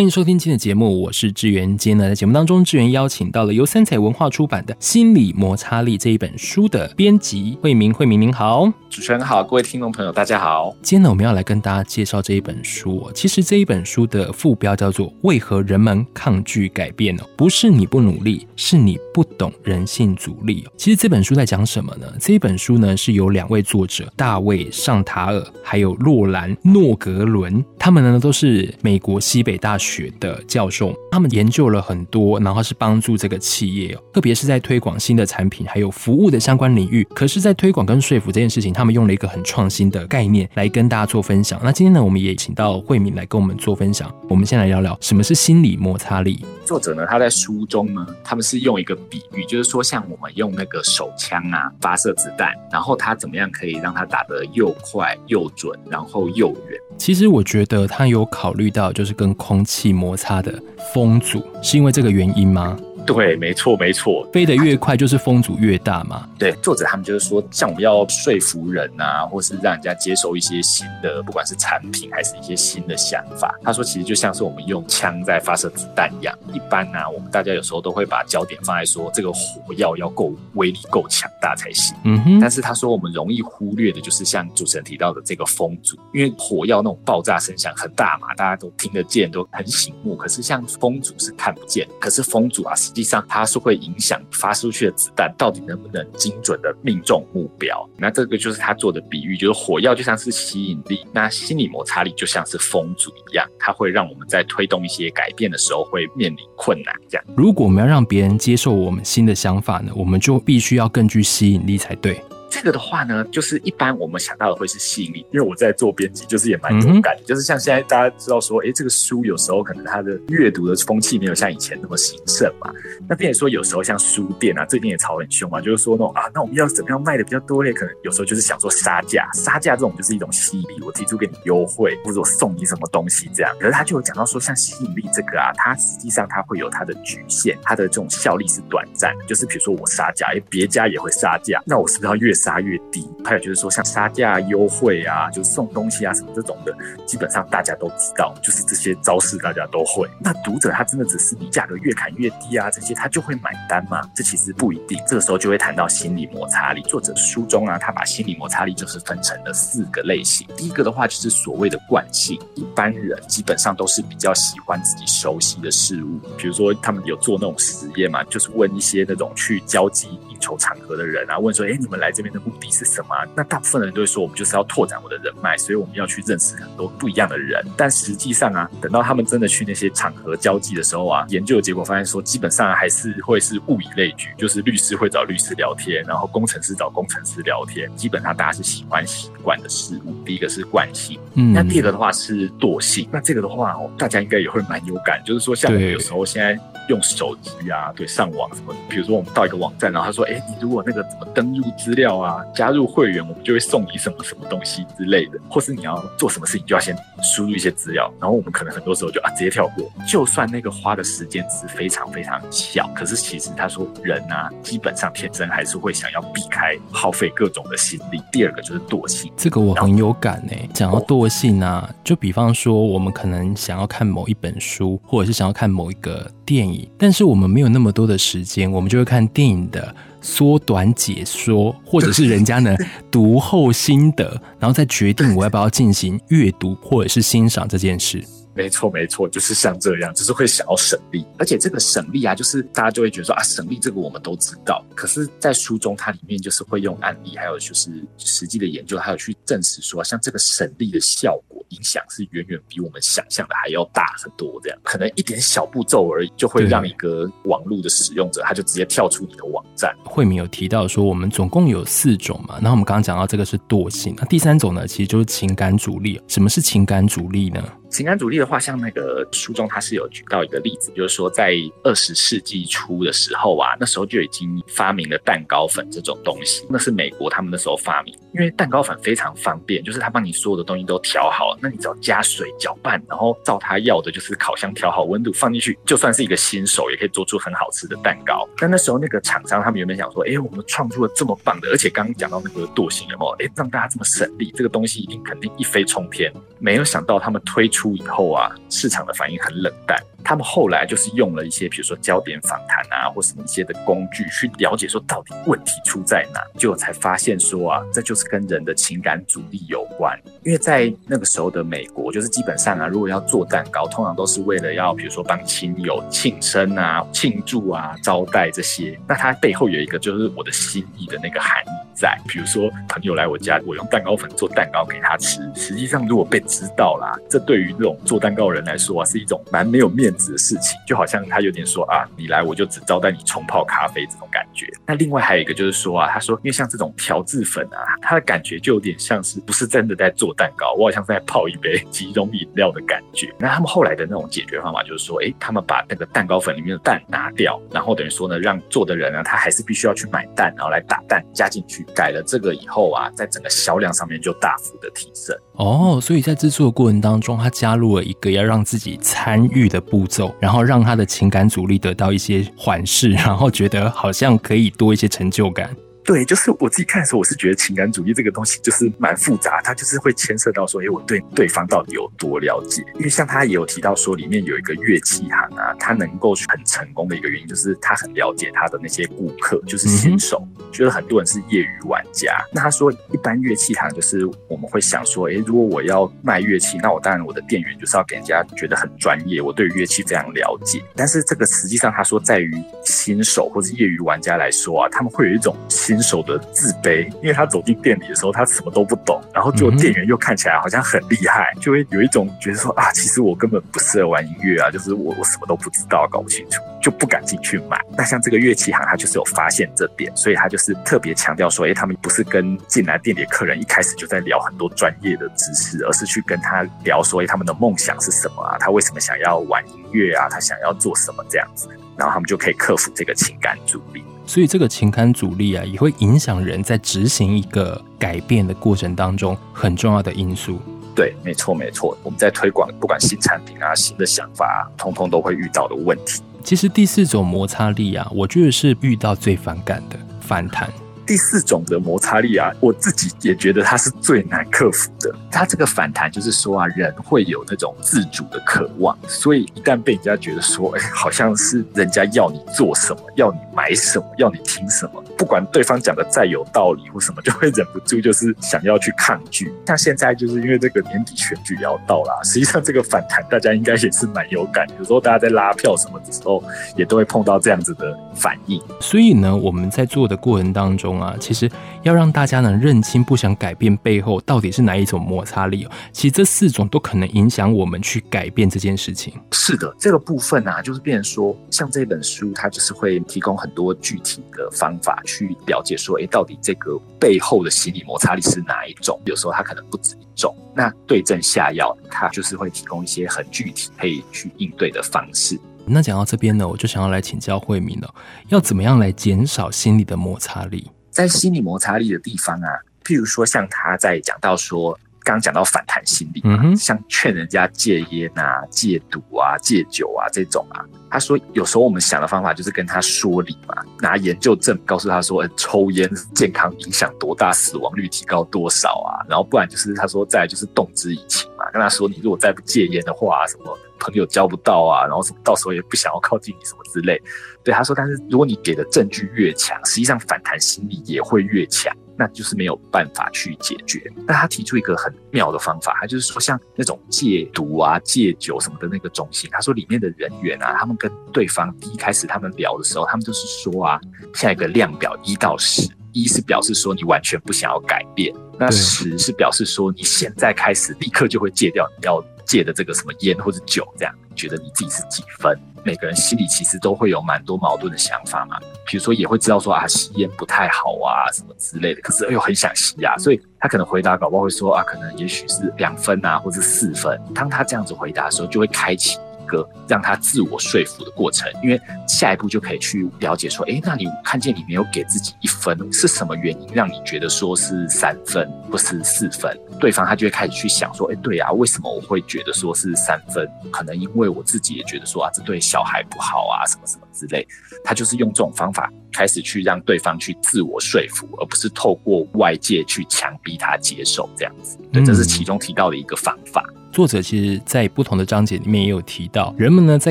歡迎收聽今天的節目，我是智由。今天呢，在節目當中，智由邀請到了由三采文化出版的《心理摩擦力》這一本書的編輯惠民。惠民您好，主持人好，各位聽眾朋友，大家好。今天呢，我們要來跟大家介紹這一本書哦。其實這一本書的副標叫做《為何人們抗拒改變呢？不是你不努力，是你不懂人性阻力哦》。其實這本書在講什麼呢？這一本書呢，是由兩位作者大衛尚塔爾還有洛蘭諾格倫，他們呢都是美國西北大學。學的教授，他們研究了很多，然後是幫助這個企業，特別是在推廣新的產品還有服務的相關領域。可是，在推廣跟說服這件事情，他們用了一個很創新的概念來跟大家做分享。那今天呢，我們也請到惠民來跟我們做分享。我們先來聊聊什麼是心理摩擦力。作者呢，他在書中呢，他們是用一個比喻，就是說像我們用那個手槍啊發射子彈，然後他怎麼樣可以讓他打得又快又準，然後又遠。其實我覺得他有考慮到，就是跟空氣摩擦的風阻，是因為這個原因嗎？對，沒錯，沒錯，飛得越快，就是風阻越大嘛。對，作者他們就是說，像我們要說服人啊，或是讓人家接受一些新的，不管是產品還是一些新的想法。他說，其實就像是我們用槍在發射子彈一樣，一般呢，我們大家有時候都會把焦點放在說這個火藥要夠威力夠強大才行。嗯哼。但是他說，我們容易忽略的就是像主持人提到的這個風阻，因為火藥那種爆炸聲響很大嘛，大家都聽得見，都很醒目。可是像風阻是看不見，可是風阻啊，實際上它是會影響發出去的子彈到底能不能進精準的命中目標，那這個就是他做的比喻，就是火藥就像是吸引力，那心理摩擦力就像是風阻一樣，它會讓我們在推動一些改變的時候會面臨困難。這樣，如果我們要讓別人接受我們新的想法呢，我們就必須要更具吸引力才對。這個的話呢，就是一般我們想到的會是吸引力，因為我在做編輯，就是也蠻有感的，嗯嗯，就是像現在大家知道說，哎，這個書有時候可能它的閱讀的風氣沒有像以前那麼興盛嘛，那並且說有時候像書店啊，最近也炒很兇嘛，就是說那種啊，那我們要怎麼樣賣的比較多呢？可能有時候就是想做殺價，殺價這種就是一種吸引力，我提出給你優惠，或者我送你什麼東西這樣。可是他就有講到說，像吸引力這個啊，它實際上它會有它的局限，它的這種效力是短暫，就是比如說我殺價，哎，別家也會殺價，那我是不是要越殺？越低，還有就是說，像殺價優惠啊，就是、送東西啊，什麼這種的，基本上大家都知道，就是這些招式大家都會。那讀者他真的只是你價格越砍越低啊，這些他就會買單嗎？這其實不一定。這個時候就會談到心理摩擦力。作者書中啊，他把心理摩擦力就是分成了四個類型。第一個的話就是所謂的慣性，一般人基本上都是比較喜歡自己熟悉的事物。比如說他們有做那種實驗嘛，就是問一些那種去交際應酬場合的人啊，問說：“哎，你們來這邊的？”目的是什麼啊？那大部分人都會說，我們就是要拓展我的人脈，所以我們要去認識很多不一樣的人。但實際上啊，等到他們真的去那些場合交際的時候啊，研究的結果發現說，基本上還是會是物以類聚，就是律師會找律師聊天，然後工程師找工程師聊天。基本上大家是喜歡習慣的事物。第一個是慣性，嗯，那第二個的話是惰性。那這個的話哦，大家應該也會蠻有感，就是說像我有時候現在用手機啊，對，上網什麼的，比如說我們到一個網站，然後他說，哎、欸，你如果那個怎麼登錄資料啊？加入會員，我們就會送你什麼什麼東西之類的，或是你要做什麼事情，就要先輸入一些資料，然後我們可能很多時候就啊直接跳過，就算那個花的時間是非常非常小，可是其實他說人啊，基本上天生還是會想要避開耗費各種的心力。第二個就是惰性，這個我很有感呢、欸。然後，講到惰性呢、啊，哦、就比方說我們可能想要看某一本書，或者是想要看某一個電影，但是我們沒有那麼多的時間，我們就會看電影的。縮短解說，或者是人家呢 讀後心得，然後再決定我要不要進行閱讀或者是欣賞這件事。沒錯，沒錯，就是像這樣，就是會想要省力，而且這個省力啊，就是大家就會覺得說啊，省力這個我們都知道，可是，在書中它裡面就是會用案例，還有就是實際的研究，還有去證實說，像這個省力的效果影響是遠遠比我們想象的還要大很多。這樣，可能一點小步驟而已，就會讓一個網絡的使用者，對他就直接跳出你的網站。惠民有提到說，我們總共有四種嘛，那我們剛剛講到這個是惰性，那第三種呢，其實就是情感阻力。什麼是情感阻力呢？情感主力的話，像那個書中他是有舉到一個例子，就是說在二十世紀初的時候啊，那時候就已經發明了蛋糕粉這種東西，那是美國他們那時候發明的。因為蛋糕粉非常方便，就是他幫你所有的東西都調好，那你只要加水攪拌，然後照他要的，就是烤箱調好溫度放進去，就算是一個新手也可以做出很好吃的蛋糕。但那時候那個廠商他們原本想說，哎、欸，我們創作了這麼棒的，而且剛剛講到那個惰性有沒有，哎、欸，讓大家這麼省力，這個東西一定肯定一飛衝天。沒有想到他們推出以後啊，市場的反應很冷淡。他們後來就是用了一些比如說焦點訪談啊，或什麼一些的工具去了解說到底問題出在哪，就我才發現說啊，這就是是跟人的情感阻力有關，因為在那個時候的美國，就是基本上啊，如果要做蛋糕，通常都是為了要，比如說幫親友慶生啊、慶祝啊、招待這些。那它背後有一個就是我的心意的那個含義在。比如說朋友來我家，我用蛋糕粉做蛋糕給他吃。實際上如果被知道啦啊，這對於這種做蛋糕的人來說啊，是一種蠻沒有面子的事情。就好像他有點說啊，你來我就只招待你沖泡咖啡這種感覺。那另外還有一個就是說啊，他說因為像這種調製粉啊。他的感覺就有點像是不是真的在做蛋糕，我好像是在泡一杯即溶飲料的感覺。那他們後來的那種解決方法就是說，哎、欸，他們把那個蛋糕粉裡面的蛋拿掉，然後等於說呢，讓做的人呢，他還是必須要去買蛋，然後來打蛋加進去。改了這個以後啊，在整個銷量上面就大幅的提升。哦，所以在製作的過程當中，他加入了一個要讓自己參與的步驟，然後讓他的情感阻力得到一些緩釋，然後覺得好像可以多一些成就感。對，就是我自己看的時候，我是覺得情感主義這個東西就是蠻複雜，它就是會牽涉到說，誒、欸，我對對方到底有多了解？因為像他也有提到說，裡面有一個樂器行啊，他能夠很成功的一個原因就是他很了解他的那些顧客，就是新手，就是、嗯、很多人是業餘玩家。那他說，一般樂器行就是我們會想說，誒、欸，如果我要賣樂器，那我當然我的店員就是要給人家覺得很專業，我對樂器非常了解。但是這個實際上他說，在於新手或者業餘玩家來說啊，他們會有一種。新手的自卑，因為他走進店裡的時候，他什麼都不懂，然後就店員又看起來好像很厲害，嗯、就會有一種覺得說啊，其實我根本不適合玩音樂啊，就是我我什麼都不知道，搞不清楚。就不敢進去買。那像這個樂器行，他就是有發現這點，所以他就是特別強調說：欸，他們不是跟進來店裡的客人一開始就在聊很多專業的知識，而是去跟他聊說：欸，他們的夢想是什麼啊？他為什麼想要玩音樂啊？他想要做什麼這樣子？然後他們就可以克服這個情感阻力。所以這個情感阻力啊，也會影響人在執行一個改變的過程當中很重要的因素。對，沒錯沒錯，我們在推廣，不管新產品啊、新的想法啊，通通都會遇到的問題。其實第四種摩擦力啊，我覺得是遇到最反感的反彈。第四種的摩擦力啊，我自己也覺得它是最難克服的。它這個反彈就是說啊，人會有那種自主的渴望，所以一旦被人家覺得說，哎、欸，好像是人家要你做什麼，要你買什麼，要你聽什麼，不管對方講的再有道理或什麼，就會忍不住就是想要去抗拒。像現在就是因為這個年底選舉要到了、啊，實際上這個反彈大家應該也是蠻有感。有時候大家在拉票什麼的時候，也都會碰到這樣子的反應。所以呢，我們在做的過程當中。啊，其實要讓大家能認清不想改變背後，到底是哪一種摩擦力。哦，其實這四種都可能影響我們去改變這件事情。是的，這個部分呢、啊，就是變成說，像這本書，它就是會提供很多具體的方法去了解，說，誒，到底這個背後的心理摩擦力是哪一種？有時候它可能不止一種。那對症下藥，它就是會提供一些很具體可以去應對的方式。那講到這邊呢，我就想要來請教惠民了，要怎麼樣來減少心理的摩擦力？在心理摩擦力的地方啊，譬如說像他在講到說，剛剛講到反彈心理、啊，嗯、哼像勸人家戒菸啊、戒毒啊、戒酒啊這種啊，他說有時候我們想的方法就是跟他說理嘛，拿研究證告訴他說、欸、抽菸健康影響多大，死亡率提高多少啊，然後不然就是他說再就是動之以情。跟他說：“你如果再不戒菸的話，什麼朋友交不到啊，然後什麼到時候也不想要靠近你什麼之類。”對他說：“但是如果你給的證據越強，實際上反彈心理也會越強，那就是沒有辦法去解決。”那他提出一個很妙的方法，他就是說像那種戒毒啊、戒酒什麼的那個中心，他說裡面的人員啊，他們跟對方第一開始他們聊的時候，他們就是說啊，下一個量表一到十，一是表示說你完全不想要改變。”那十是表示說你現在開始立刻就會戒掉你要戒的這個什麼菸或者酒，這樣覺得你自己是幾分？每個人心裡其實都會有蠻多矛盾的想法嘛，比如說也會知道說啊吸菸不太好啊什麼之類的，可是哎呦很想吸啊，所以他可能回答搞不好會說啊可能也許是兩分啊或是四分。當他這樣子回答的時候，就會開啟個讓他自我說服的過程，因為下一步就可以去了解說，誒、欸，那你看見你沒有給自己一分，是什麼原因讓你覺得說是三分不是四分？對方他就會開始去想說，哎、欸，對啊，為什麼我會覺得說是三分？可能因為我自己也覺得說啊，這對小孩不好啊，什麼什麼之類。他就是用這種方法開始去讓對方去自我說服，而不是透過外界去強逼他接受這樣子。對，這是其中提到的一個方法。嗯作者其實在不同的章節裡面也有提到，人們呢在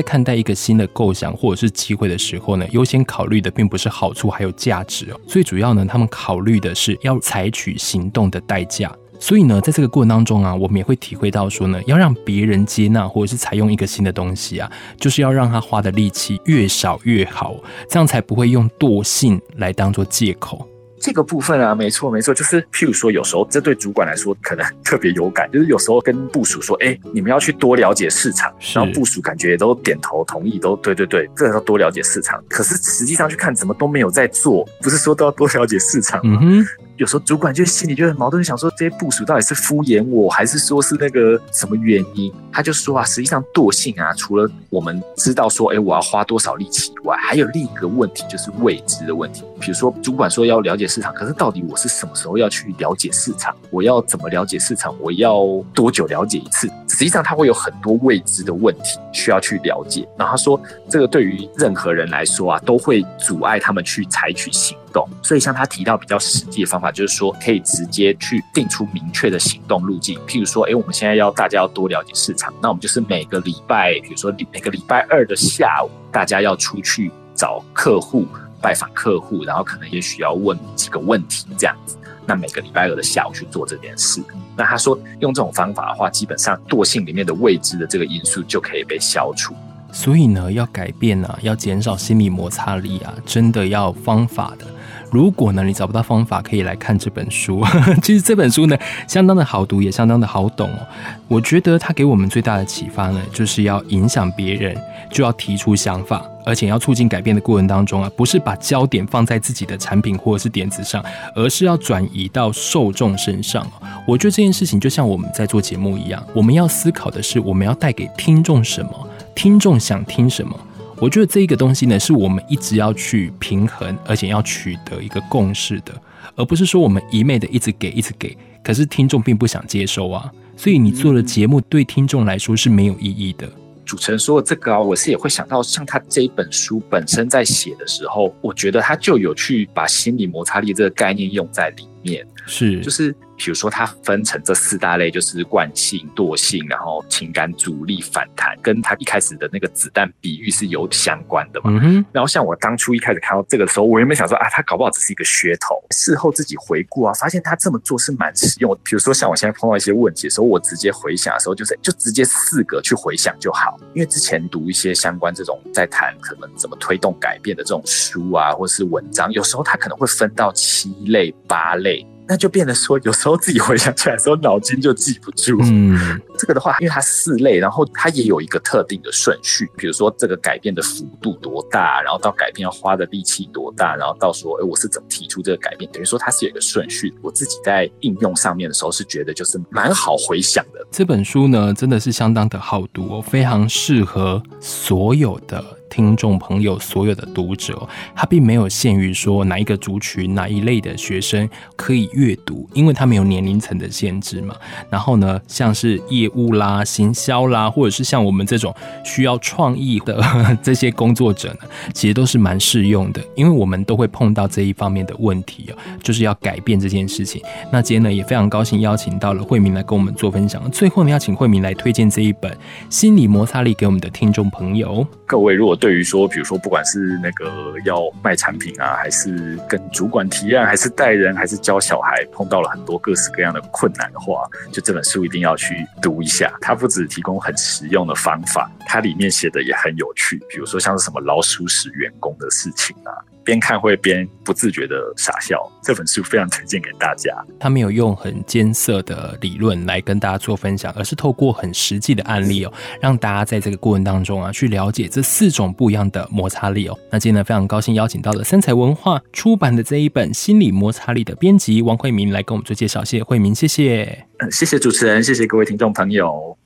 看待一個新的構想或者是機會的時候呢，優先考慮的並不是好處還有價值哦，最主要呢，他們考慮的是要採取行動的代價。所以呢，在這個過程當中啊，我們也會體會到說呢，要讓別人接納或者是採用一個新的東西啊，就是要讓他花的力氣越少越好，這樣才不會用惰性來當作借口。這個部分啊，沒錯沒錯，就是譬如說，有時候這對主管來說可能特別有感，就是有時候跟部屬說：“哎、欸，你們要去多了解市場。是”然後部屬感覺也都點頭同意，都對對對，真的要多了解市場。可是實際上去看，怎麼都沒有在做。不是說都要多了解市場。嗯哼。有時候主管就心裡就很矛盾，想說這些部屬到底是敷衍我還是說是那個什麼原因？他就說啊，實際上惰性啊，除了我們知道說，哎、欸，我要花多少力氣以外，還有另一個問題就是未知的問題。比如說，主管說要了解市場，可是到底我是什麼時候要去了解市場？我要怎麼了解市場？我要多久了解一次？實際上，他會有很多未知的問題需要去了解。然後他說，這個對於任何人來說啊，都會阻礙他們去採取行動。所以，像他提到比較實際的方法，就是說可以直接去定出明確的行動路徑。譬如說，誒、欸，我們現在要大家要多了解市場，那我們就是每個禮拜，比如說每個禮拜二的下午，大家要出去找客戶。拜訪客戶，然後可能也許要問幾個問題這樣子，那每個禮拜二的下午去做這件事。那他說用這種方法的話，基本上惰性裡面的未知的這個因素就可以被消除。所以呢，要改變啊，要減少心理摩擦力啊，真的要方法的。如果呢，你找不到方法，可以來看這本書。 其實這本書呢，相當的好讀，也相當的好懂哦。我覺得它給我們最大的啟發呢，就是要影響別人，就要提出想法，而且要促進改變的過程當中啊，不是把焦點放在自己的產品或者是點子上，而是要轉移到受眾身上哦。我覺得這件事情就像我們在做節目一樣，我們要思考的是我們要帶給聽眾什麼，聽眾想聽什麼。我覺得這一個東西呢，是我們一直要去平衡，而且要取得一個共識的，而不是說我們一昧的一直給，一直給，可是聽眾並不想接收啊。所以你做的節目對聽眾來說是沒有意義的。主持人說的這個啊、哦，我是也會想到，像他這一本書本身在寫的時候，我覺得他就有去把心理摩擦力這個概念用在裡面。是，就是比如說它分成這四大類，就是慣性、惰性，然後情感阻力、反彈，跟它一開始的那個子彈比喻是有相關的嘛。嗯、哼然後像我當初一開始看到這個的時候，我原本想說啊，他搞不好只是一個噱頭。事後自己回顧啊，發現他這麼做是蠻實用。比如說像我現在碰到一些問題的時候，我直接回想的時候，就是就直接四個去回想就好。因為之前讀一些相關這種在談可能怎麼推動改變的這種書啊，或是文章，有時候它可能會分到七類、八類。那就變得說，有時候自己回想起來的時候，腦筋就記不住。嗯，這個的話，因為它四類，然後它也有一個特定的順序。比如說，這個改變的幅度多大，然後到改變要花的力氣多大，然後到說，哎、欸，我是怎麼提出這個改變？等於說它是有一個順序。我自己在應用上面的時候，是覺得就是蠻好回想的。這本書呢，真的是相當的好讀，哦，非常適合所有的。聽眾朋友，所有的讀者，他並沒有限於說哪一個族群、哪一類的學生可以閱讀，因為他沒有年齡層的限制嘛。然後呢，像是業務啦、行銷啦，或者是像我們這種需要創意的呵呵這些工作者呢，其實都是蠻適用的，因為我們都會碰到這一方面的問題哦，就是要改變這件事情。那今天呢，也非常高興邀請到了惠民來跟我們做分享。最後呢，要請惠民來推薦這一本《心理摩擦力》給我們的聽眾朋友、各位如果……對於說，比如說，不管是那個要賣產品啊，還是跟主管提案，還是帶人，還是教小孩，碰到了很多各式各樣的困難的話，就這本書一定要去讀一下。它不只提供很實用的方法，它裡面寫的也很有趣，比如說，像是什麼老鼠屎員工的事情啊。邊看會邊不自覺的傻笑，這本書非常推薦給大家。他沒有用很艱澀的理論來跟大家做分享，而是透過很實際的案例哦，讓大家在這個過程當中啊，去了解這四種不一樣的摩擦力哦。那今天呢，非常高興邀請到了三采文化出版的這一本《心理摩擦力》的編輯王惠民來跟我們做介紹。謝謝惠民，謝謝、嗯，謝謝主持人，謝謝各位聽眾朋友。